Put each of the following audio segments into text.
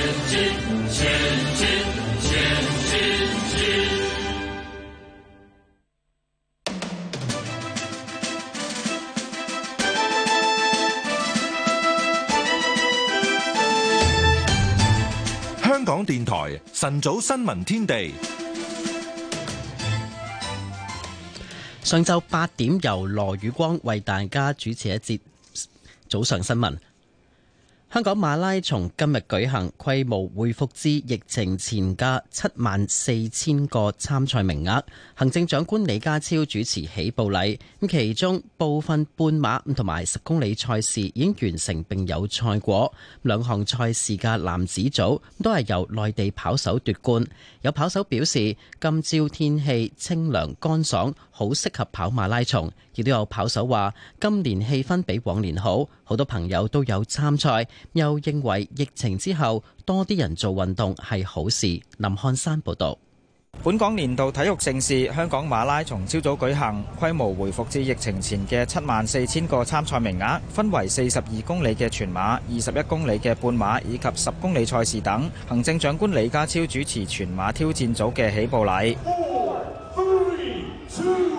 前進，前進，前進！進香港電台晨早新聞天地，上晝八點由羅宇光為大家主持一節早上新聞。香港馬拉松今日舉行，規模恢復至疫情前價七萬四千個參賽名額。行政長官李家超主持起步禮。咁其中部分半馬同埋十公里賽事已經完成，並有賽果。兩項賽事嘅男子組都係由內地跑手奪冠。有跑手表示，今朝天氣清涼乾爽。好適合跑馬拉松，亦都有跑手話，今年氣氛比往年好，好多朋友都有參賽，又認為疫情之後多啲人做運動係好事。林漢山報道，本港年度體育盛事香港馬拉松朝早舉行，規模回復至疫情前嘅七萬四千個參賽名額，分為四十二公里嘅全馬，二十一公里嘅半馬，以及十公里賽事等。行政長官李家超主持全馬挑戰組嘅起步禮。Four, three,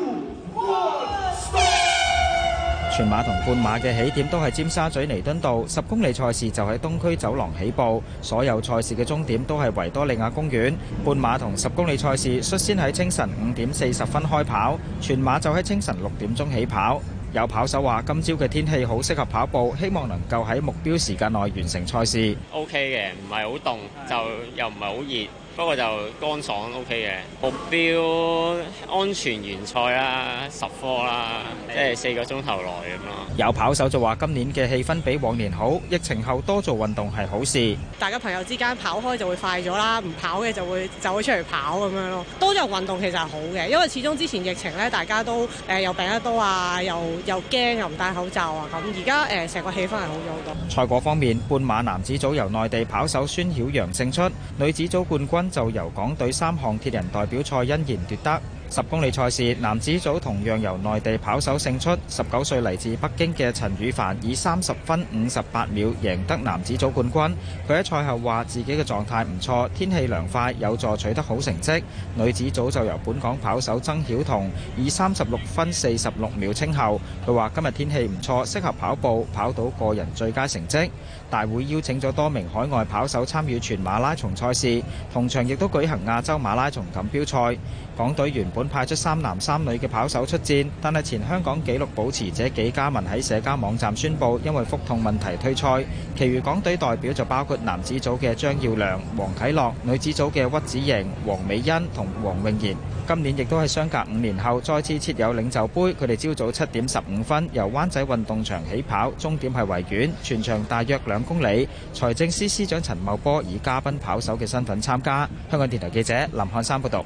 全馬同半馬嘅起點都係尖沙咀彌敦道，十公里賽事就喺東區走廊起步，所有賽事嘅終點都係維多利亞公園。半馬同十公里賽事率先喺清晨五點四十分開跑，全馬就喺清晨六點鐘起跑。有跑手話：今朝嘅天氣好適合跑步，希望能夠喺目標時間內完成賽事。OK 嘅，唔係好凍，的就又唔係好熱。不過就乾爽 OK 嘅，目標安全完賽啦，十科啦，即係四個鐘頭內咁咯。有跑手就話今年嘅氣氛比往年好，疫情後多做運動係好事。大家朋友之間跑開就會快咗啦，唔跑嘅就會走出嚟跑咁樣咯。多咗運動其實係好嘅，因為始終之前疫情咧，大家都誒又病得多啊，又又驚又唔戴口罩啊咁。而家誒成個氣氛係好咗好多，多。賽果方面，半馬男子組由內地跑手孫曉陽勝出，女子組冠軍。就由港隊三項鐵人代表賽恩然奪得。十公里賽事男子組同樣由內地跑手勝出，十九歲嚟自北京嘅陳宇凡以三十分五十八秒贏得男子組冠軍。佢喺賽後話自己嘅狀態唔錯，天氣涼快有助取得好成績。女子組就由本港跑手曾曉彤以三十六分四十六秒稱后。佢話今日天，天氣唔錯，適合跑步，跑到個人最佳成績。大會邀請咗多名海外跑手參與全馬拉松賽事，同場亦都舉行亞洲馬拉松錦標賽。港隊原本。本派出三男三女嘅跑手出戰，但係前香港紀錄保持者紀嘉文喺社交網站宣布，因為腹痛問題退賽，其餘港隊代表就包括男子組嘅張耀良、黃啟樂，女子組嘅屈子瑩、黃美欣同黃泳然。今年亦都係相隔五年後再次設有領袖盃。佢哋朝早七點十五分由灣仔運動場起跑，終點係維園，全場大約兩公里。財政司司、司長陳茂波以嘉賓跑手嘅身份參加。香港電台記者林漢山報道。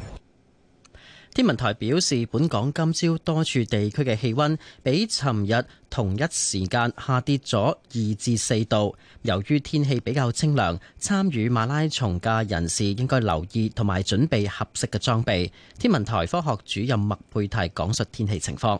天文台表示，本港今朝多處地區嘅氣温比尋日同一時間下跌咗二至四度。由於天氣比較清涼，參與馬拉松嘅人士應該留意同埋準備合適嘅裝備。天文台科學主任麥佩提講述天氣情況。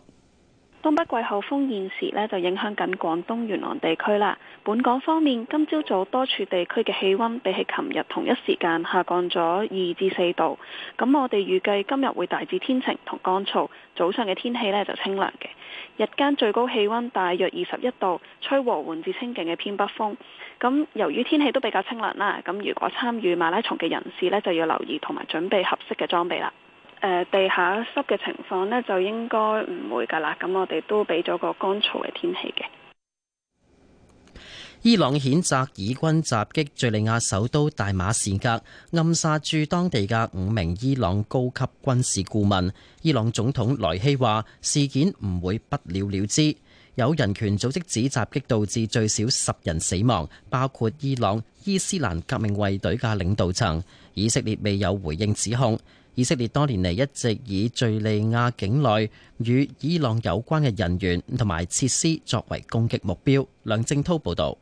東北季候風現時呢就影響緊廣東沿岸地區啦。本港方面，今朝早多處地區嘅氣温比起琴日同一時間下降咗二至四度。咁我哋預計今日會大致天晴同乾燥，早上嘅天氣呢就清涼嘅，日間最高氣温大約二十一度，吹和緩至清勁嘅偏北風。咁由於天氣都比較清涼啦，咁如果參與馬拉松嘅人士呢，就要留意同埋準備合適嘅裝備啦。誒地下濕嘅情況呢，就應該唔會㗎喇。咁我哋都俾咗個乾燥嘅天氣嘅。伊朗譴責以軍襲擊敍利亞首都大馬士革，暗殺駐當地嘅五名伊朗高級軍事顧問。伊朗總統萊希話：事件唔會不了了之。有人權組織指襲擊導致最少十人死亡，包括伊朗伊斯蘭革命衛隊嘅領導層。以色列未有回應指控。以色列多年嚟一直以敘利亞境內與伊朗有關嘅人員同埋設施作為攻擊目標，梁正濤報道。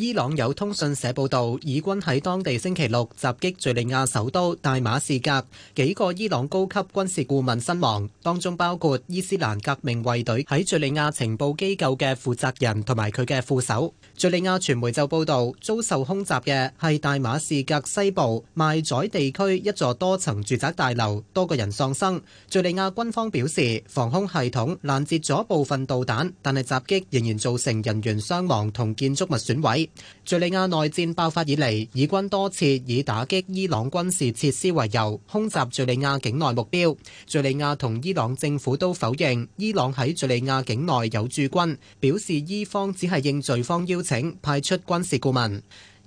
伊朗有通訊社報道，以軍喺當地星期六襲擊敍利亞首都大馬士革，幾個伊朗高級軍事顧問身亡，當中包括伊斯蘭革命衛隊喺敍利亞情報機構嘅負責人同埋佢嘅副手。敍利亞傳媒就報道，遭受空襲嘅係大馬士革西部賣宰地區一座多層住宅大樓，多個人喪生。敍利亞軍方表示，防空系統攔截咗部分導彈，但係襲擊仍然造成人員傷亡同建築物損毀。敘利亞內戰爆發以嚟，以軍多次以打擊伊朗軍事設施為由，空襲敘利亞境內目標。敘利亞同伊朗政府都否認伊朗喺敘利亞境內有駐軍，表示伊方只係應敘方邀請派出軍事顧問。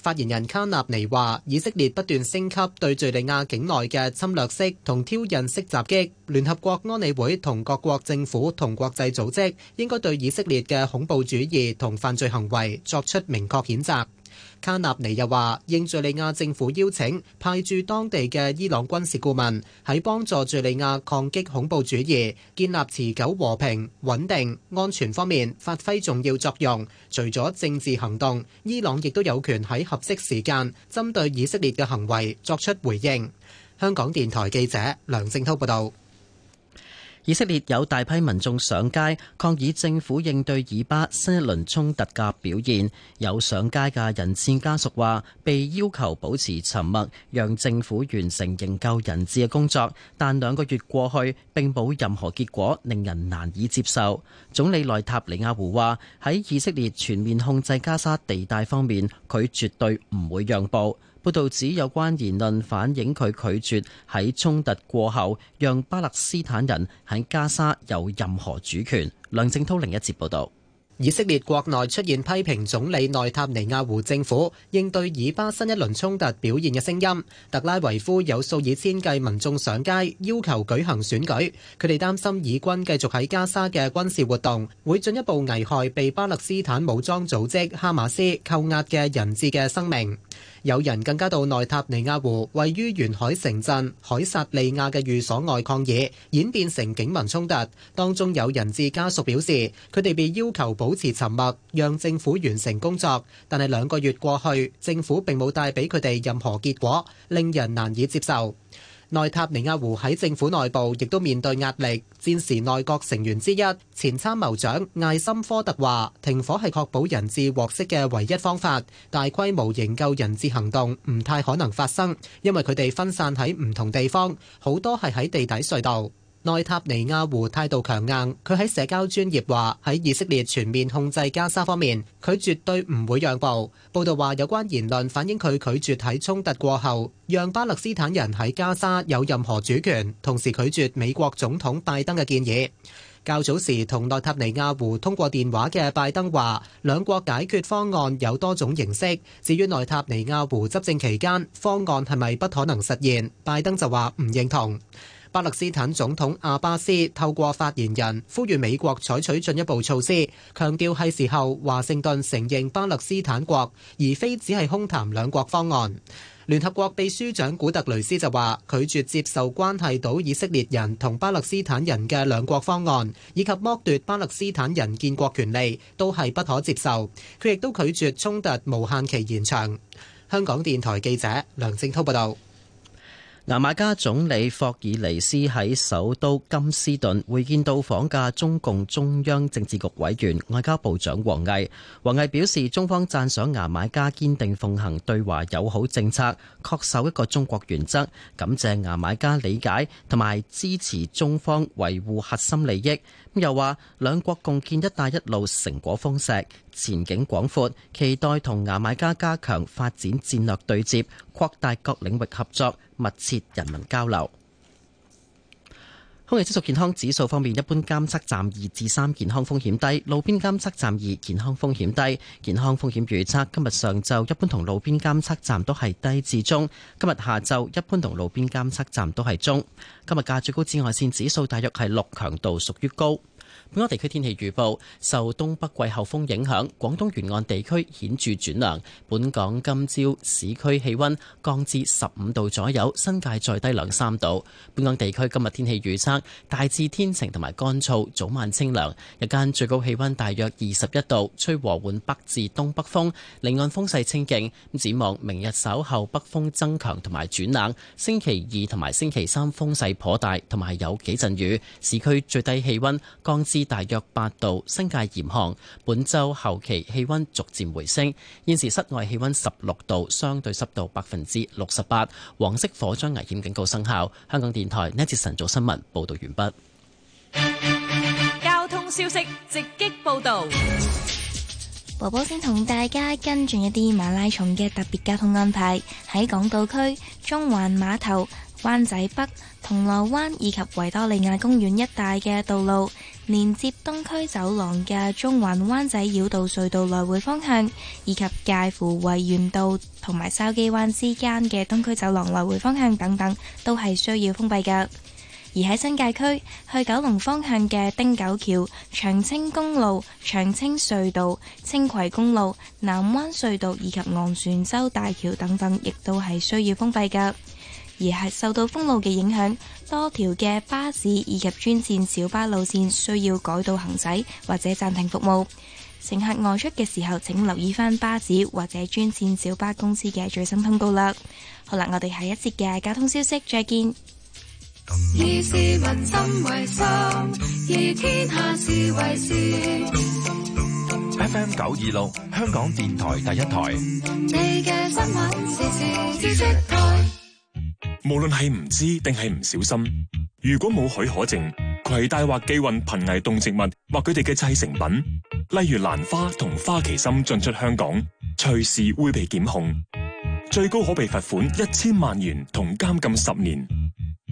發言人卡納尼話，以色列不斷升級對敍利亞境內嘅侵略式同挑釁式襲擊，聯合國安理會同各國政府同國際組織應該對以色列嘅恐怖主義同犯罪行為作出明確譴責。卡納尼又話，應敍利亞政府邀請，派駐當地嘅伊朗軍事顧問，喺幫助敍利亞抗擊恐怖主義、建立持久和平、穩定、安全方面發揮重要作用。除咗政治行動，伊朗亦都有權喺合適時間針對以色列嘅行為作出回應。香港電台記者梁正滔報道。以色列有大批民眾上街抗議政府應對以巴新一輪衝突嘅表現。有上街嘅人質家屬話，被要求保持沉默，讓政府完成營救人質嘅工作。但兩個月過去並冇任何結果，令人難以接受。總理內塔尼亞胡話喺以色列全面控制加沙地帶方面，佢絕對唔會讓步。報道指有關言論反映佢拒絕喺衝突過後讓巴勒斯坦人喺加沙有任何主權。梁正濤另一節報道，以色列國內出現批評總理內塔尼亞胡政府應對以巴新一輪衝突表現嘅聲音。特拉維夫有數以千計民眾上街要求舉行選舉，佢哋擔心以軍繼續喺加沙嘅軍事活動會進一步危害被巴勒斯坦武裝組織哈馬斯扣押嘅人質嘅生命。有人更加到內塔尼亞胡位於沿海城鎮海撒利亞嘅寓所外抗議，演變成警民衝突。當中有人質家屬表示，佢哋被要求保持沉默，讓政府完成工作，但係兩個月過去，政府並冇帶俾佢哋任何結果，令人難以接受。內塔尼亞胡喺政府內部亦都面對壓力。戰時內閣成員之一、前參謀長艾森科特話：停火係確保人質獲釋嘅唯一方法。大規模營救人質行動唔太可能發生，因為佢哋分散喺唔同地方，好多係喺地底隧道。內塔尼亞胡態度強硬，佢喺社交專業話喺以色列全面控制加沙方面，佢絕對唔會讓步。報道話有關言論反映佢拒絕喺衝突過後讓巴勒斯坦人喺加沙有任何主權，同時拒絕美國總統拜登嘅建議。較早時同內塔尼亞胡通過電話嘅拜登話，兩國解決方案有多種形式。至於內塔尼亞胡執政期間方案係咪不可能實現，拜登就話唔認同。巴勒斯坦總統阿巴斯透過發言人呼籲美國採取進一步措施，強調係時候華盛頓承認巴勒斯坦國，而非只係空談兩國方案。聯合國秘書長古特雷斯就話：拒絕接受關係到以色列人同巴勒斯坦人嘅兩國方案，以及剝奪巴勒斯坦人建國權利，都係不可接受。佢亦都拒絕衝突無限期延長。香港電台記者梁正滔報道。牙買加總理霍爾尼斯喺首都金斯頓會見到訪嘅中共中央政治局委員、外交部長王毅。王毅表示，中方讚賞牙買加堅定奉行對華友好政策，恪守一個中國原則，感謝牙買加理解同埋支持中方維護核心利益。又話兩國共建「一帶一路」成果豐碩，前景廣闊，期待同牙買加加強發展戰略對接，擴大各領域合作，密切人民交流。空氣質素健康指數方面，一般監測站二至三，健康風險低；路邊監測站二，健康風險低。健康風險預測今日上晝一般同路邊監測站都係低至中，今日下晝一般同路邊監測站都係中。今日嘅最高紫外綫指數大約係六，強度屬於高。本港地區天氣預報，受東北季候風影響，廣東沿岸地區顯著轉涼，本港今朝市區氣溫降至十五度左右，新界再低兩三度。本港地區今日天氣預測大致天晴同埋乾燥，早晚清涼，日間最高氣溫大約二十一度，吹和緩北至東北風，離岸風勢清勁，展望明日稍後北風增強同埋轉冷，星期二同埋星期三風勢頗大，同埋有幾陣雨，市區最低氣溫降至至大約八度，新界嚴寒。本周後期氣溫逐漸回升。現時室外氣溫十六度，相對濕度百分之六十八。黃色火災危險警告生效。香港電台呢一節晨早新聞報道完畢。交通消息直擊報道。寶寶先同大家跟進一啲馬拉松嘅特別交通安排，喺港島區中環碼頭、灣仔北、銅鑼灣以及維多利亞公園一帶嘅道路。連接東區走廊嘅中環灣仔繞道隧道來回方向，以及介乎維園道同埋筲箕灣之間嘅東區走廊來回方向等等，都係需要封閉㗎。而喺新界區，去九龍方向嘅汀九橋、長青公路、長青隧道、青葵公路、南灣隧道以及昂船洲大橋等等，亦都係需要封閉㗎。而係受到封路嘅影響。多條嘅巴士以及專線小巴路線需要改道行駛或者暫停服務，乘客外出嘅時候請留意翻巴士或者專線小巴公司嘅最新通告啦。好啦，我哋下一節嘅交通消息再見。以天下事為事。F M 九二六，香港電台第一台。你嘅新聞時時資訊台。無論係唔知定係唔小心，如果冇許可證，攜帶或寄運瀕危動植物或佢哋嘅製成品，例如蘭花同花旗參進出香港，隨時會被檢控，最高可被罰款一千萬元同監禁十年。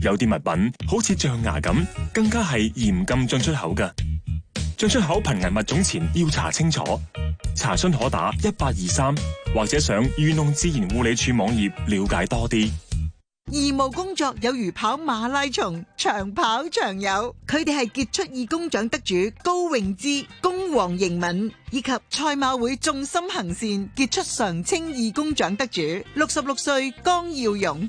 有啲物品好似象牙咁，更加係嚴禁進出口㗎。進出口瀕危物種前要查清楚，查詢可打一八二三或者上漁農自然護理署網頁了解多啲。義務工作有如跑馬拉松、長跑長有。佢哋係傑出義工獎得主高泳姿、公王盈敏以及賽馬會眾心行善傑出常青義工獎得主六十六歲江耀勇。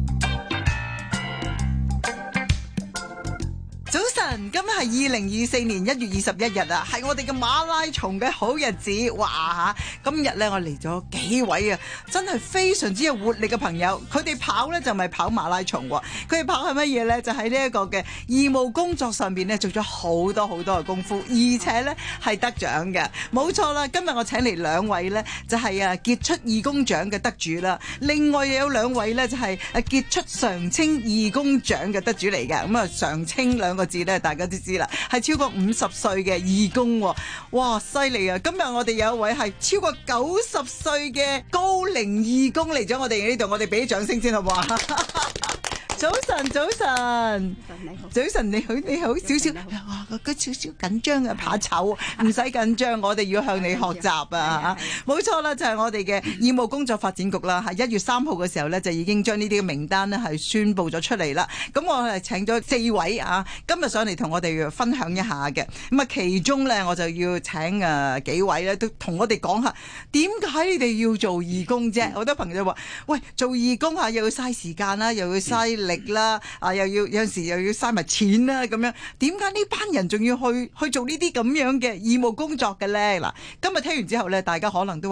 今日係二零二四年一月二十一日啊，係我哋嘅馬拉松嘅好日子。哇吓！今日咧，我嚟咗幾位啊，真係非常之有活力嘅朋友。佢哋跑咧就咪跑馬拉松，啊，佢哋跑係乜嘢呢？就喺呢一個嘅義務工作上面咧，做咗好多好多嘅功夫，而且咧係得獎嘅。冇錯啦，今日我請嚟兩位呢，就係、係、啊傑出義工獎嘅得主啦。另外有兩位呢，就係、係、啊傑出常青義工獎嘅得主嚟嘅。咁、嗯、啊，常青兩個字咧，大家知知啦，係超過五十歲嘅義工、哦，哇，犀利啊！今日我哋有一位係超過九十歲嘅高齡義工嚟咗我哋呢度，我哋俾啲掌聲先好唔好啊？ 早晨，早晨，好早晨，你好，你好，晨少少，好啊、少少緊張啊，怕醜，唔使緊張，我哋要向你學習啊！嚇，冇錯啦，就係、是、我哋嘅義務工作發展局啦，喺一月三號嘅時候咧，就已經將呢啲嘅名單咧係宣布咗出嚟啦。咁我係請咗四位啊，今日上嚟同我哋分享一下嘅。咁啊，其中咧我就要請啊幾位咧，都同我哋講下點解你哋要做義工啫？好、嗯、多朋友話喂，做義工啊，又要嘥時間啦，又要嘥力啦， 啊又要有陣時又要嘥埋錢啦、啊，咁樣點解呢班人仲要去去做呢啲咁樣嘅義務工作嘅咧？嗱，今日聽完之後咧，大家可能都。